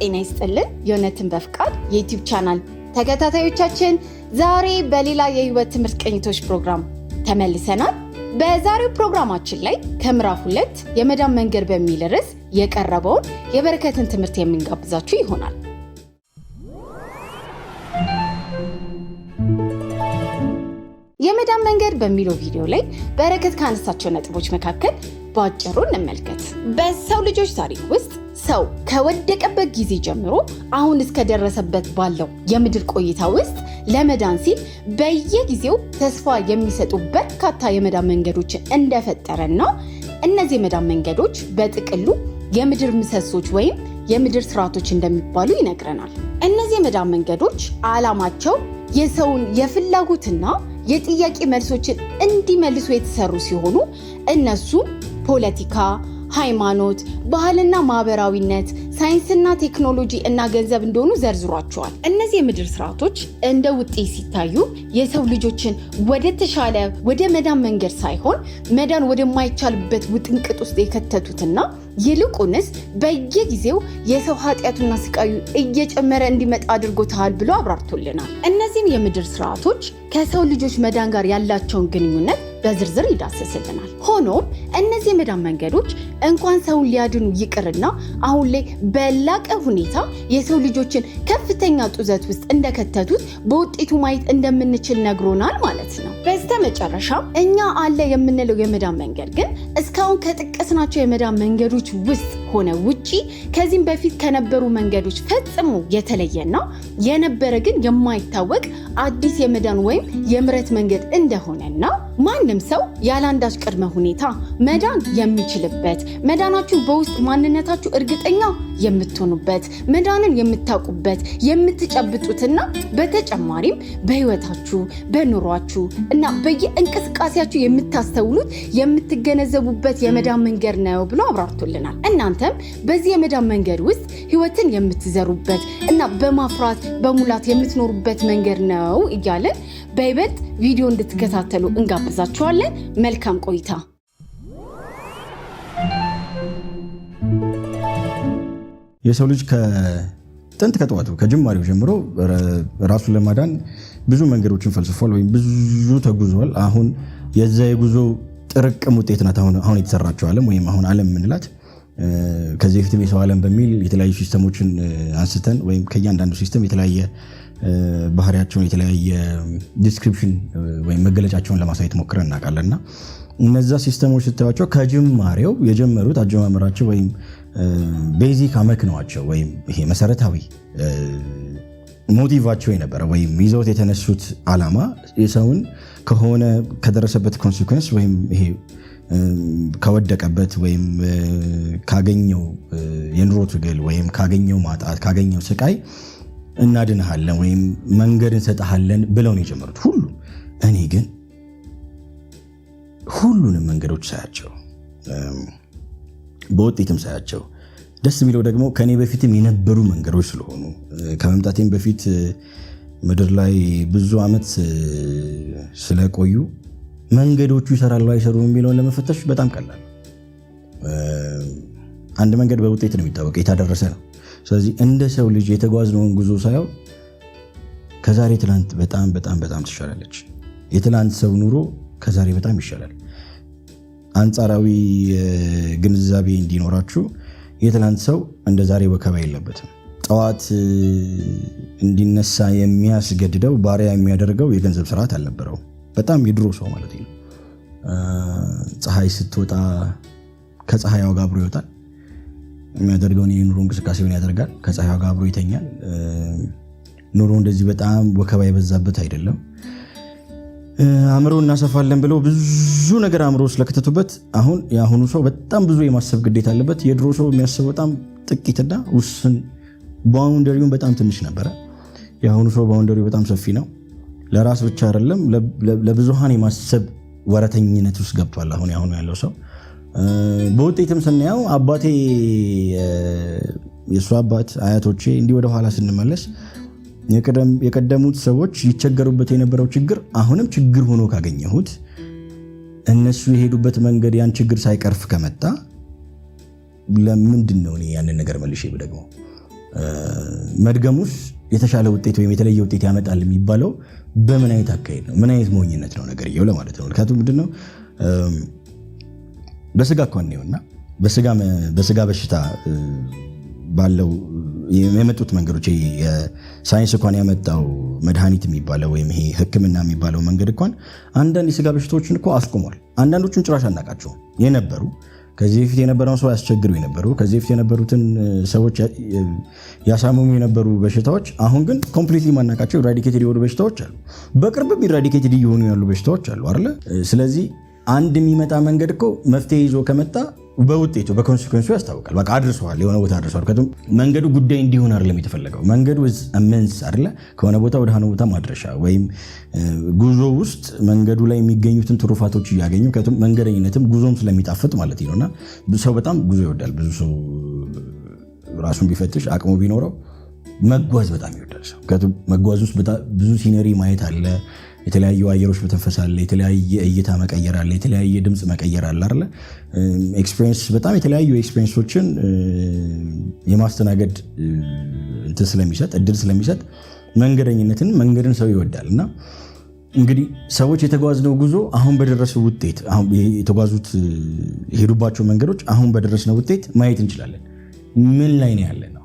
ጤና ይስጥልን። የእውነትን በፍቃድ የዩቲዩብ ቻናል ተከታታዮቻችን ዛሬ በሌላ የህይወት ትምህርት ቅኝቶች ፕሮግራም ተመልሰናል። በዛሬው ፕሮግራማችን ላይ ከምዕራፍ ሁለት የመዳን መንገድ በሚል ርዕስ የቀረበውን የበረከትን ትምህርት የምንጋብዛችሁ ይሆናል። የመዳን መንገድ በሚለው ቪዲዮ ላይ በረከት ካነሳቸው ነጥቦች መካከል በአጭሩ እንመልከት። በሰው ልጆች ታሪክ ውስጥ ሰው ከወደቀበት ጊዜ ጀምሮ አሁን እስከደረሰበት ባለው የምድር ቆይታ ውስጥ ለመዳን ሲል በየጊዜው ተስፋ የሚሰጡ በርካታ የመዳን መንገዶች እንደፈጠረና እነዚህ የመዳን መንገዶች በጥቅሉ የምድር ምሰሶች ወይም የምድር ስርዓቶች እንደሚባሉ ይነግረናል። እነዚህ የመዳን መንገዶች ዓላማቸው የሰውን የፍላጎትና የጥያቄ መልሶችን እንዲመልሱ የተሰሩ ሲሆኑ እነሱም ፖለቲካ ሃይማኖት፣ ባህልና ማህበራዊነት፣ ሳይንስና ቴክኖሎጂ እና ገንዘብ እንደሆኑ ዘርዝሯቸዋል። እነዚህ የምድር ስርዓቶች እንደ ውጤት ሲታዩ የሰው ልጆችን ወደ ተሻለ ወደ መዳን መንገድ ሳይሆን መዳን ወደማይቻልበት ውጥንቅጥ ውስጥ የከተቱትና ይልቁንስ በየጊዜው የሰው ኃጢአቱና ስቃዩ እየጨመረ እንዲመጣ አድርጎታል ብሎ አብራርቶልናል። እነዚህም የምድር ስርዓቶች ከሰው ልጆች መዳን ጋር ያላቸውን ግንኙነት በዝርዝር ይዳሰስልናል። ሆኖም እነዚህ የመዳን መንገዶች እንኳን ሰውን ሊያድኑ ይቅርና አሁን ላይ በላቀ ሁኔታ የሰው ልጆችን ከፍተኛ ጡዘት ውስጥ እንደከተቱት በውጤቱ ማየት እንደምንችል ነግሮናል ማለት ነው። መጨረሻ እኛ አለ የምንለው የመዳን መንገድ ግን እስካሁን ከጠቀስናቸው የመዳን መንገዶች ውስጥ ሆነ ውጪ ከዚህም በፊት ከነበሩ መንገዶች ፈጽሞ የተለየና የነበረ ግን የማይታወቅ አዲስ የመዳን ወይም የምረት መንገድ እንደሆነና ማንም ሰው ያለአንዳች ቅድመ ሁኔታ መዳን የሚችልበት መዳናችሁ በውስጥ ማንነታችሁ እርግጠኛ የምትሆኑበት መዳንን የምታውቁበት የምትጨብጡትና በተጨማሪም በህይወታችሁ በኑሯችሁ እና በየእንቅስቃሴያችሁ የምታስተውሉት የምትገነዘቡበት የመዳን መንገድ ነው ብሎ አብራርቶልናል። እናንተም በዚህ የመዳን መንገድ ውስጥ ህይወትን የምትዘሩበት እና በማፍራት በሙላት የምትኖሩበት መንገድ ነው እያለን በይበልጥ ቪዲዮ እንድትከታተሉ እንጋብዛችኋለን። መልካም ቆይታ የሰው ልጅ ከጥንት ከጠዋቱ ከጅማሬው ጀምሮ ራሱን ለማዳን ብዙ መንገዶችን ፈልስፏል ወይም ብዙ ተጉዟል። አሁን የዛ የጉዞ ጥርቅም ውጤት ናት አሁን የተሰራቸው ዓለም ወይም አሁን ዓለም የምንላት። ከዚህ በፊትም የሰው ዓለም በሚል የተለያዩ ሲስተሞችን አንስተን ወይም ከእያንዳንዱ ሲስተም የተለያየ ባህሪያቸውን የተለያየ ዲስክሪፕሽን ወይም መገለጫቸውን ለማሳየት ሞክረን እናውቃለን እና እነዛ ሲስተሞች ስታያቸው ከጅማሬው የጀመሩት አጀማመራቸው ወይም ቤዚክ አመክነዋቸው ወይም ይሄ መሰረታዊ ሞቲቫቸው የነበረ ወይም ይዘውት የተነሱት አላማ የሰውን ከሆነ ከደረሰበት ኮንስኮንስ ወይም ይሄ ከወደቀበት ወይም ካገኘው የኑሮ ትግል ወይም ካገኘው ማጣት ካገኘው ስቃይ እናድንሃለን ወይም መንገድ እንሰጠሃለን ብለው ነው የጀመሩት ሁሉ። እኔ ግን ሁሉንም መንገዶች ሳያቸው በውጤትም ሳያቸው ደስ የሚለው ደግሞ ከኔ በፊትም የነበሩ መንገዶች ስለሆኑ ከመምጣቴም በፊት ምድር ላይ ብዙ ዓመት ስለቆዩ መንገዶቹ ይሰራሉ አይሰሩም የሚለውን ለመፈተሽ በጣም ቀላል። አንድ መንገድ በውጤት ነው የሚታወቀ የታደረሰ ነው። ስለዚህ እንደ ሰው ልጅ የተጓዝነውን ጉዞ ሳየው ከዛሬ ትላንት በጣም በጣም በጣም ትሻላለች። የትላንት ሰው ኑሮ ከዛሬ በጣም ይሻላል። አንጻራዊ ግንዛቤ እንዲኖራችሁ የትላንት ሰው እንደ ዛሬ ወከባ የለበትም። ጠዋት እንዲነሳ የሚያስገድደው ባሪያ የሚያደርገው የገንዘብ ስርዓት አልነበረው። በጣም የድሮ ሰው ማለት ነው። ፀሐይ ስትወጣ ከፀሐይ ዋጋ አብሮ ይወጣል። የሚያደርገውን የኑሮ እንቅስቃሴውን ያደርጋል። ከፀሐይ ዋጋ አብሮ ይተኛል። ኑሮ እንደዚህ በጣም ወከባ የበዛበት አይደለም። አእምሮ እናሰፋለን ብለው ብዙ ነገር አእምሮ ስለከተቱበት አሁን የአሁኑ ሰው በጣም ብዙ የማሰብ ግዴታ አለበት። የድሮ ሰው የሚያስበው በጣም ጥቂትና ውስን፣ ባውንደሪውን በጣም ትንሽ ነበረ። የአሁኑ ሰው ባውንደሪው በጣም ሰፊ ነው። ለራስ ብቻ አይደለም ለብዙሃን የማሰብ ወረተኝነት ውስጥ ገብቷል። አሁን ያሁኑ ያለው ሰው በውጤትም ስናየው አባቴ የእሱ አባት አያቶቼ እንዲህ ወደኋላ ስንመለስ የቀደሙት ሰዎች ይቸገሩበት የነበረው ችግር አሁንም ችግር ሆኖ ካገኘሁት እነሱ የሄዱበት መንገድ ያን ችግር ሳይቀርፍ ከመጣ ለምንድን ነው እኔ ያንን ነገር መልሼ ደግሞ መድገሙስ የተሻለ ውጤት ወይም የተለየ ውጤት ያመጣል የሚባለው በምን አይነት አካሄድ ነው? ምን አይነት ሞኝነት ነው ነገርየው ለማለት ነው። ምክንያቱም ምንድነው በስጋ እኳ ነውና በስጋ በሽታ ባለው የመጡት መንገዶች ሳይንስ እንኳን ያመጣው መድኃኒት የሚባለው ወይም ይሄ ሕክምና የሚባለው መንገድ እንኳን አንዳንድ የስጋ በሽታዎችን እኮ አስቁሟል። አንዳንዶቹን ጭራሽ አናቃቸው የነበሩ ከዚህ በፊት የነበረውን ሰው ያስቸግሩ የነበሩ ከዚህ በፊት የነበሩትን ሰዎች ያሳምሙ የነበሩ በሽታዎች አሁን ግን ኮምፕሊትሊ ማናቃቸው ኢራዲኬትድ የሆኑ በሽታዎች አሉ። በቅርብም ኢራዲኬትድ እየሆኑ ያሉ በሽታዎች አሉ አለ። ስለዚህ አንድ የሚመጣ መንገድ እኮ መፍትሄ ይዞ ከመጣ በውጤቱ በኮንሲኮንሱ ያስታውቃል። በቃ አድርሰዋል፣ የሆነ ቦታ አድርሰዋል። ምክንያቱም መንገዱ ጉዳይ እንዲሆን አይደለም የተፈለገው። መንገዱ መንስ አይደለ ከሆነ ቦታ ወደ ሆነ ቦታ ማድረሻ ወይም ጉዞ ውስጥ መንገዱ ላይ የሚገኙትን ትሩፋቶች እያገኙ ምክንያቱም መንገደኝነትም ጉዞም ስለሚጣፍጥ ማለት ነውና ሰው በጣም ጉዞ ይወዳል። ብዙ ሰው ራሱን ቢፈትሽ አቅሙ ቢኖረው መጓዝ በጣም ይወዳል ሰው። ምክንያቱም መጓዝ ውስጥ ብዙ ሲነሪ ማየት አለ የተለያዩ አየሮች መተንፈስ የተለያየ እይታ መቀየር አለ፣ የተለያየ ድምፅ መቀየር አለ አለ ኤክስፔሪንስ በጣም የተለያዩ ኤክስፔሪንሶችን የማስተናገድ እንትን ስለሚሰጥ እድል ስለሚሰጥ መንገደኝነትን መንገድን ሰው ይወዳል እና እንግዲህ ሰዎች የተጓዝነው ጉዞ አሁን በደረሱ ውጤት የተጓዙት የሄዱባቸው መንገዶች አሁን በደረስነው ውጤት ማየት እንችላለን። ምን ላይ ነው ያለ ነው?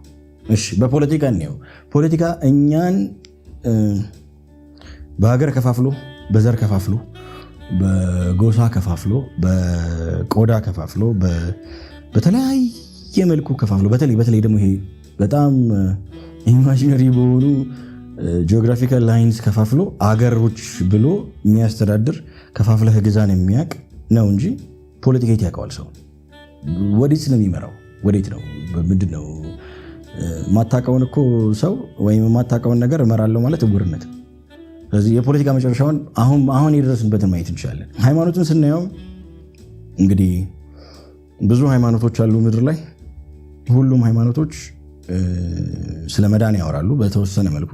እሺ፣ በፖለቲካ እንየው። ፖለቲካ እኛን በሀገር ከፋፍሎ በዘር ከፋፍሎ በጎሳ ከፋፍሎ በቆዳ ከፋፍሎ በተለያየ መልኩ ከፋፍሎ በተለይ በተለይ ደግሞ ይሄ በጣም ኢማጂነሪ በሆኑ ጂኦግራፊካል ላይንስ ከፋፍሎ አገሮች ብሎ የሚያስተዳድር ከፋፍለህ ግዛን የሚያውቅ ነው እንጂ ፖለቲካት ያውቀዋል ሰው ወዴት ነው የሚመራው? ወዴት ነው ምንድን ነው? የማታውቀውን እኮ ሰው ወይም የማታውቀውን ነገር እመራለሁ ማለት እውርነት ስለዚህ የፖለቲካ መጨረሻውን አሁን አሁን የደረስንበትን ማየት እንችላለን። ሃይማኖትን ስናየው እንግዲህ ብዙ ሃይማኖቶች አሉ ምድር ላይ። ሁሉም ሃይማኖቶች ስለ መዳን ያወራሉ በተወሰነ መልኩ።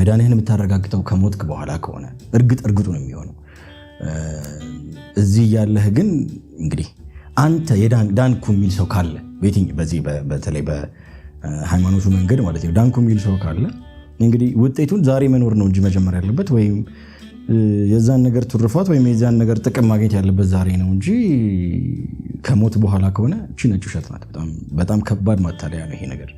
መዳንህን የምታረጋግጠው ከሞትክ በኋላ ከሆነ እርግጥ እርግጡ ነው የሚሆነው። እዚህ ያለህ ግን እንግዲህ አንተ ዳንኩ የሚል ሰው ካለ በዚህ በተለይ በሃይማኖቱ መንገድ ማለት ነው ዳንኩ የሚል ሰው ካለ እንግዲህ ውጤቱን ዛሬ መኖር ነው እንጂ መጀመር ያለበት ወይም የዛን ነገር ትሩፋት ወይም የዛን ነገር ጥቅም ማግኘት ያለበት ዛሬ ነው እንጂ ከሞት በኋላ ከሆነ እቺ ነጭ ውሸት ናት። በጣም ከባድ ማታለያ ነው ይሄ ነገር።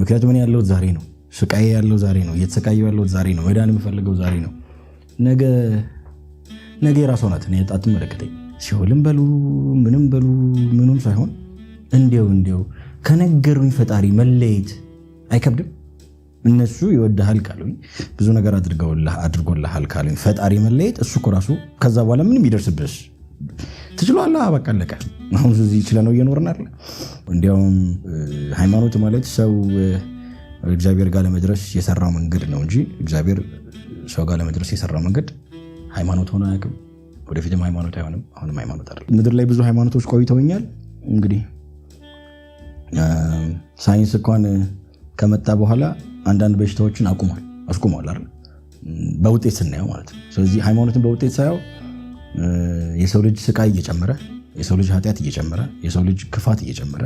ምክንያቱም እኔ ያለሁት ዛሬ ነው፣ ስቃዬ ያለው ዛሬ ነው፣ እየተሰቃየሁ ያለሁት ዛሬ ነው፣ መዳን የምፈልገው ዛሬ ነው። ነገ ነገ የራሷ ናት። እኔ ጣት መለከተኝ ሲሆልም በሉ ምንም በሉ ምንም ሳይሆን እንዲው እንዲው ከነገሩኝ ፈጣሪ መለየት አይከብድም። እነሱ ይወድሃል ካሉኝ ብዙ ነገር አድርጎልሃል ካሉኝ ፈጣሪ መለየት እሱ እኮ ራሱ ከዛ በኋላ ምንም ይደርስብሽ ትችላለህ። በቃ አለቀ። አሁን እዚህ ችለነው እየኖርን አለ። እንዲያውም ሃይማኖት ማለት ሰው እግዚአብሔር ጋር ለመድረስ የሰራው መንገድ ነው እንጂ እግዚአብሔር ሰው ጋር ለመድረስ የሰራው መንገድ ሃይማኖት ሆነ አያውቅም። ወደፊትም ሃይማኖት አይሆንም። አሁንም ሃይማኖት አይደለም። ምድር ላይ ብዙ ሃይማኖቶች ቆይተውኛል። እንግዲህ ሳይንስ እንኳን ከመጣ በኋላ አንዳንድ በሽታዎችን አቁሟል አስቁሟል አይደል? በውጤት ስናየው ማለት ነው። ስለዚህ ሃይማኖትን በውጤት ሳየው የሰው ልጅ ስቃይ እየጨመረ የሰው ልጅ ኃጢአት እየጨመረ የሰው ልጅ ክፋት እየጨመረ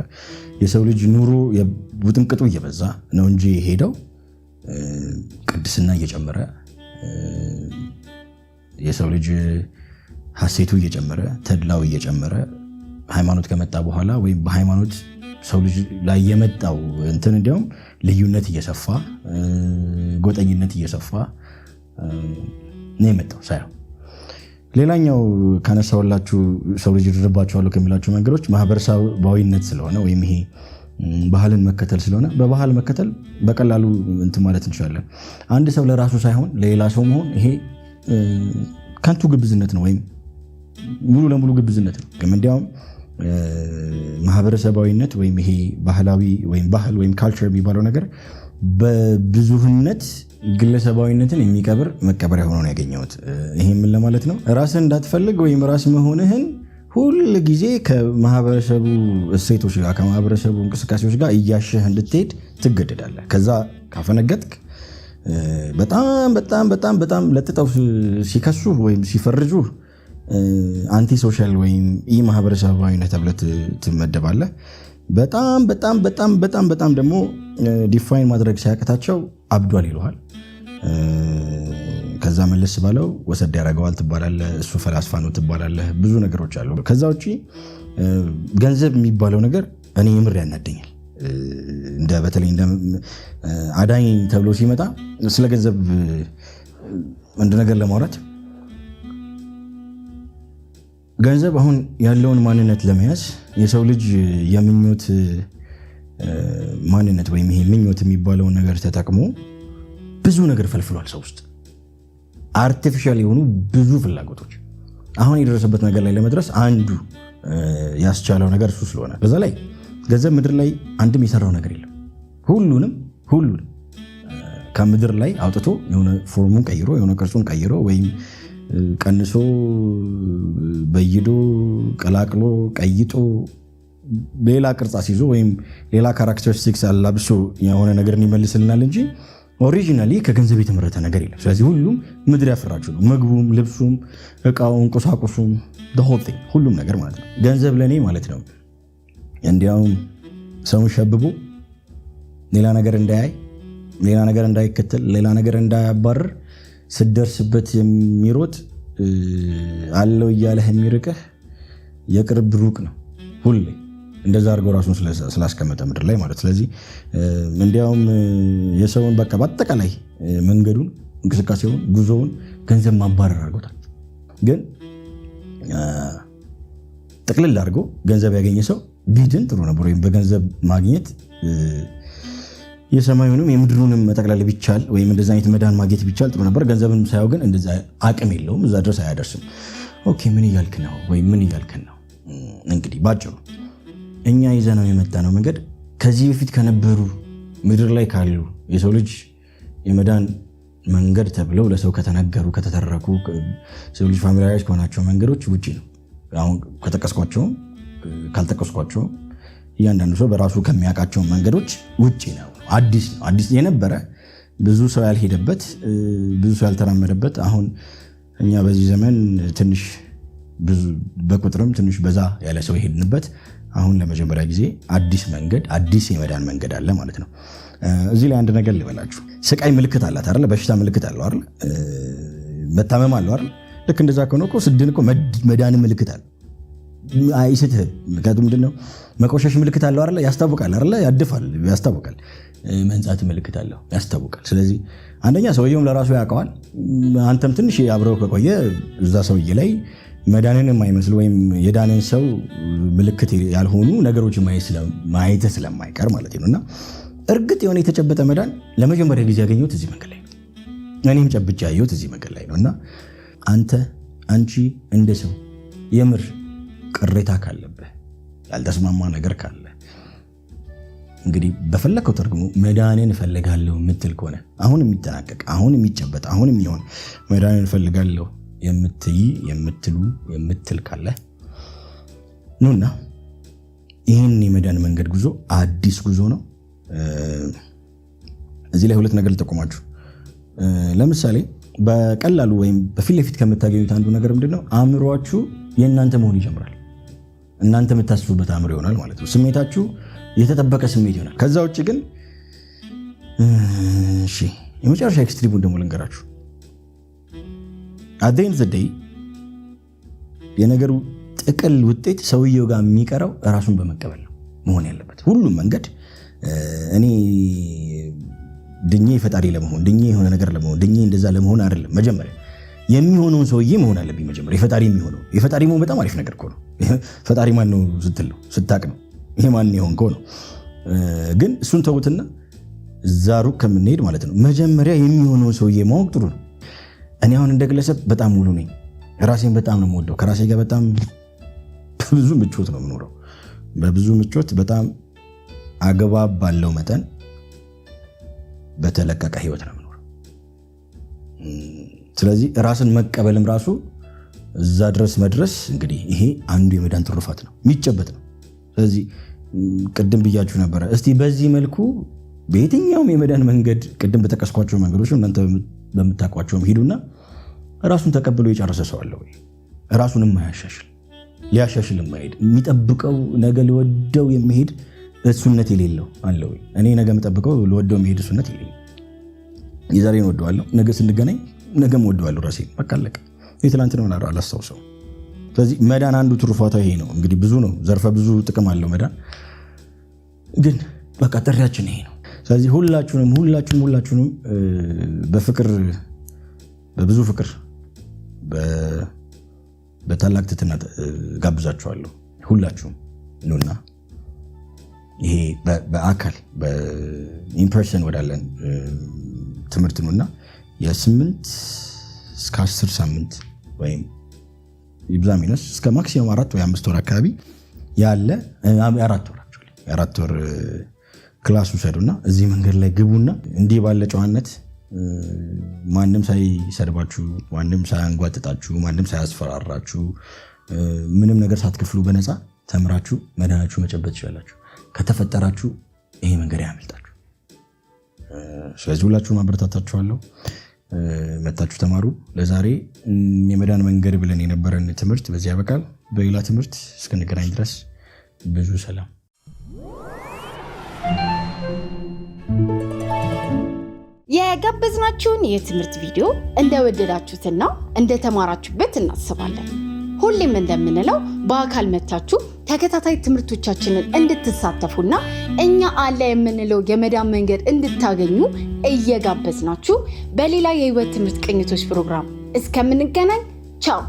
የሰው ልጅ ኑሮ ውጥንቅጡ እየበዛ ነው እንጂ የሄደው ቅድስና እየጨመረ የሰው ልጅ ሀሴቱ እየጨመረ ተድላው እየጨመረ ሃይማኖት ከመጣ በኋላ ወይም በሃይማኖት ሰው ልጅ ላይ የመጣው እንትን እንዲያውም ልዩነት እየሰፋ ጎጠኝነት እየሰፋ ነው የመጣው ሳ ሌላኛው ከነሳውላችሁ ሰው ልጅ ይደርስባችኋል ከሚላቸው መንገዶች ማህበረሰባዊነት ስለሆነ ወይም ይሄ ባህልን መከተል ስለሆነ በባህል መከተል በቀላሉ እንትን ማለት እንችላለን። አንድ ሰው ለራሱ ሳይሆን ለሌላ ሰው መሆን ይሄ ከንቱ ግብዝነት ነው፣ ወይም ሙሉ ለሙሉ ግብዝነት ነው። ግን እንዲያውም ማህበረሰባዊነት ወይም ይሄ ባህላዊ ወይም ባህል ወይም ካልቸር የሚባለው ነገር በብዙህነት ግለሰባዊነትን የሚቀብር መቀበሪያ ሆኖ ነው ያገኘሁት። ይሄ ምን ለማለት ነው? ራስን እንዳትፈልግ ወይም ራስ መሆንህን ሁል ጊዜ ከማህበረሰቡ እሴቶች ጋር ከማህበረሰቡ እንቅስቃሴዎች ጋር እያሸህ እንድትሄድ ትገደዳለህ። ከዛ ካፈነገጥክ በጣም በጣም በጣም በጣም ለጥጠው ሲከሱ ወይም ሲፈርጁ አንቲ ሶሻል ወይም ኢ ማህበረሰባዊ ነህ ተብለህ ትመደባለህ። በጣም በጣም በጣም በጣም በጣም ደግሞ ዲፋይን ማድረግ ሲያቅታቸው አብዷል ይለዋል። ከዛ መለስ ባለው ወሰድ ያደርገዋል ትባላለህ። እሱ ፈላስፋ ነው ትባላለህ። ብዙ ነገሮች አሉ። ከዛ ውጪ ገንዘብ የሚባለው ነገር እኔ የምር ያናደኛል። እንደ በተለይ እንደ አዳኝ ተብሎ ሲመጣ ስለ ገንዘብ አንድ ነገር ለማውራት ገንዘብ አሁን ያለውን ማንነት ለመያዝ የሰው ልጅ የምኞት ማንነት ወይም ይሄ ምኞት የሚባለውን ነገር ተጠቅሞ ብዙ ነገር ፈልፍሏል። ሰው ውስጥ አርቲፊሻል የሆኑ ብዙ ፍላጎቶች አሁን የደረሰበት ነገር ላይ ለመድረስ አንዱ ያስቻለው ነገር እሱ ስለሆነ በዛ ላይ ገንዘብ ምድር ላይ አንድም የሰራው ነገር የለም። ሁሉንም ሁሉንም ከምድር ላይ አውጥቶ የሆነ ፎርሙን ቀይሮ የሆነ ቅርጹን ቀይሮ ወይም ቀንሶ በይዶ ቀላቅሎ ቀይጦ ሌላ ቅርጽ አስይዞ ወይም ሌላ ካራክተሪስቲክስ አላብሶ የሆነ ነገርን ይመልስልናል እንጂ ኦሪጂናሊ ከገንዘብ የተመረተ ነገር የለም። ስለዚህ ሁሉም ምድር ያፈራችሁ ነው። ምግቡም፣ ልብሱም፣ እቃውን፣ ቁሳቁሱም ሆቴ ሁሉም ነገር ማለት ነው። ገንዘብ ለእኔ ማለት ነው። እንዲያውም ሰውን ሸብቦ ሌላ ነገር እንዳያይ፣ ሌላ ነገር እንዳይከተል፣ ሌላ ነገር እንዳያባርር ስደርስበት የሚሮጥ አለው እያለህ የሚርቅህ የቅርብ ሩቅ ነው። ሁሌ እንደዛ አድርገው ራሱን ስላስቀመጠ ምድር ላይ ማለት ስለዚህ እንዲያውም የሰውን በቃ በአጠቃላይ መንገዱን፣ እንቅስቃሴውን፣ ጉዞውን ገንዘብ ማባረር አድርጎታል። ግን ጥቅልል አድርጎ ገንዘብ ያገኘ ሰው ቢድን ጥሩ ነበር፣ ወይም በገንዘብ ማግኘት የሰማዩንም የምድሩንም መጠቅለል ቢቻል ወይም እንደዚ አይነት መዳን ማግኘት ቢቻል ጥሩ ነበር። ገንዘብን ሳየው ግን እንደዚ አቅም የለውም፣ እዛ ድረስ አያደርስም። ኦኬ ምን እያልክ ነው? ወይም ምን እያልክ ነው? እንግዲህ ባጭሩ እኛ ይዘ ነው የመጣ ነው መንገድ ከዚህ በፊት ከነበሩ ምድር ላይ ካሉ የሰው ልጅ የመዳን መንገድ ተብለው ለሰው ከተነገሩ ከተተረኩ ሰው ልጅ ፋሚሊያዎች ከሆናቸው መንገዶች ውጭ ነው። አሁን ከጠቀስኳቸውም ካልጠቀስኳቸውም እያንዳንዱ ሰው በራሱ ከሚያውቃቸው መንገዶች ውጭ ነው አዲስ ነው። አዲስ የነበረ ብዙ ሰው ያልሄደበት ብዙ ሰው ያልተራመደበት አሁን እኛ በዚህ ዘመን ትንሽ በቁጥርም ትንሽ በዛ ያለ ሰው የሄድንበት አሁን ለመጀመሪያ ጊዜ አዲስ መንገድ አዲስ የመዳን መንገድ አለ ማለት ነው። እዚህ ላይ አንድ ነገር ልበላችሁ። ስቃይ ምልክት አላት አይደለ? በሽታ ምልክት አለው አይደለ? መታመም አለው አይደለ? ልክ እንደዛ ከሆነ እኮ ስድን እኮ መዳን ምልክት አለ አይስትህ። ምክንያቱም ምንድነው መቆሸሽ ምልክት አለው አይደለ? ያስታውቃል አይደለ? ያድፋል፣ ያስታውቃል። መንጻት አለው ያስታውቃል። ስለዚህ አንደኛ ሰውየውም ለራሱ ያውቀዋል። አንተም ትንሽ አብረው ከቆየ እዛ ሰውዬ ላይ መዳንን የማይመስል ወይም የዳንን ሰው ምልክት ያልሆኑ ነገሮች ማየት ስለማይቀር ማለት ነው እና እርግጥ የሆነ የተጨበጠ መዳን ለመጀመሪያ ጊዜ ያገኘሁት እዚህ መንገድ ላይ ነው። እኔም ጨብጬ ያየሁት እዚህ መንገድ ላይ ነው እና አንተ አንቺ እንደ ሰው የምር ቅሬታ ካለብህ ያልተስማማ ነገር ካለ እንግዲህ በፈለከው ተርጉሙ መዳንን እፈልጋለሁ የምትል ከሆነ አሁን የሚጠናቀቅ አሁን የሚጨበጥ አሁን የሚሆን መዳንን እፈልጋለሁ የምትይ የምትሉ የምትል ካለ ኑና ይህን የመዳን መንገድ ጉዞ አዲስ ጉዞ ነው። እዚህ ላይ ሁለት ነገር ልጠቁማችሁ ለምሳሌ በቀላሉ ወይም በፊት ለፊት ከምታገኙት አንዱ ነገር ምንድነው? አእምሯችሁ የእናንተ መሆን ይጀምራል። እናንተ የምታስቡበት አእምሮ ይሆናል ማለት ነው። ስሜታችሁ የተጠበቀ ስሜት ይሆናል። ከዛ ውጭ ግን የመጨረሻ ኤክስትሪሙን ደግሞ ልንገራችሁ። አዴን ዘደይ የነገሩ ጥቅል ውጤት ሰውየው ጋር የሚቀረው ራሱን በመቀበል ነው መሆን ያለበት። ሁሉም መንገድ እኔ ድኜ ፈጣሪ ለመሆን ድኜ የሆነ ነገር ለመሆን ድኜ እንደዛ ለመሆን አይደለም። መጀመሪያ የሚሆነውን ሰውዬ መሆን አለብኝ። መጀመሪያ የፈጣሪ የሚሆነው የፈጣሪ መሆን በጣም አሪፍ ነገር እኮ ነው። ፈጣሪ ማን ነው ስትል ነው ስታቅ ነው የማን የሆንከው ነው። ግን እሱን ተውትና እዛ ሩቅ ከምንሄድ ማለት ነው መጀመሪያ የሚሆነው ሰውዬ ማወቅ ጥሩ ነው። እኔ አሁን እንደ ግለሰብ በጣም ሙሉ ነኝ። ራሴን በጣም ነው የምወደው። ከራሴ ጋር በጣም ብዙ ምቾት ነው የምኖረው። በብዙ ምቾት በጣም አግባብ ባለው መጠን በተለቀቀ ህይወት ነው የምኖረው። ስለዚህ ራስን መቀበልም ራሱ እዛ ድረስ መድረስ እንግዲህ ይሄ አንዱ የመዳን ትሩፋት ነው፣ የሚጨበጥ ነው። ስለዚህ ቅድም ብያችሁ ነበረ። እስቲ በዚህ መልኩ በየትኛውም የመዳን መንገድ ቅድም በጠቀስኳቸው መንገዶች እናንተ በምታውቋቸውም ሂዱና ራሱን ተቀብሎ የጨረሰ ሰው አለ ወይ? ራሱን የማያሻሽል ሊያሻሽል የማይሄድ የሚጠብቀው ነገ ሊወደው የሚሄድ እሱነት የሌለው አለ ወይ? እኔ ነገ የምጠብቀው ሊወደው የሚሄድ እሱነት የሌለው የዛሬን ወደዋለሁ፣ ነገ ስንገናኝ ነገም ወደዋለሁ ራሴ። በቃ አለቀ። የትላንትናውን አላስታውሰው ስለዚህ መዳን አንዱ ትሩፋቷ ይሄ ነው። እንግዲህ ብዙ ነው፣ ዘርፈ ብዙ ጥቅም አለው መዳን። ግን በቃ ጥሪያችን ይሄ ነው። ስለዚህ ሁላችሁንም ሁላችሁም ሁላችሁንም በፍቅር በብዙ ፍቅር በታላቅ ትህትና ጋብዛችኋለሁ። ሁላችሁም ኑና ይሄ በአካል በኢምፐርሰን ወዳለን ትምህርት ኑና የስምንት እስከ አስር ሳምንት ወይም ይብዛ ሚነስ እስከ ማክሲመም አራት ወይ አምስት ወር አካባቢ ያለ አራት ወር አራት ወር ክላስ ውሰዱና እዚህ መንገድ ላይ ግቡና እንዲህ ባለ ጨዋነት ማንም ሳይሰድባችሁ፣ ማንም ሳያንጓጥጣችሁ፣ ማንም ሳያስፈራራችሁ፣ ምንም ነገር ሳትከፍሉ በነፃ ተምራችሁ መዳናችሁ መጨበጥ ይችላላችሁ። ከተፈጠራችሁ ይሄ መንገድ ያመልጣችሁ። ስለዚህ ሁላችሁ ማበረታታችኋለሁ። መታችሁ ተማሩ። ለዛሬ የመዳን መንገድ ብለን የነበረን ትምህርት በዚህ ያበቃል። በሌላ ትምህርት እስክንገናኝ ድረስ ብዙ ሰላም። የጋበዝናችሁን የትምህርት ቪዲዮ እንደወደዳችሁትና እንደተማራችሁበት እናስባለን። ሁሌም እንደምንለው በአካል መታችሁ ተከታታይ ትምህርቶቻችንን እንድትሳተፉና እኛ አለ የምንለው የመዳን መንገድ እንድታገኙ እየጋበዝናችሁ በሌላ የህይወት ትምህርት ቅኝቶች ፕሮግራም እስከምንገናኝ ቻው።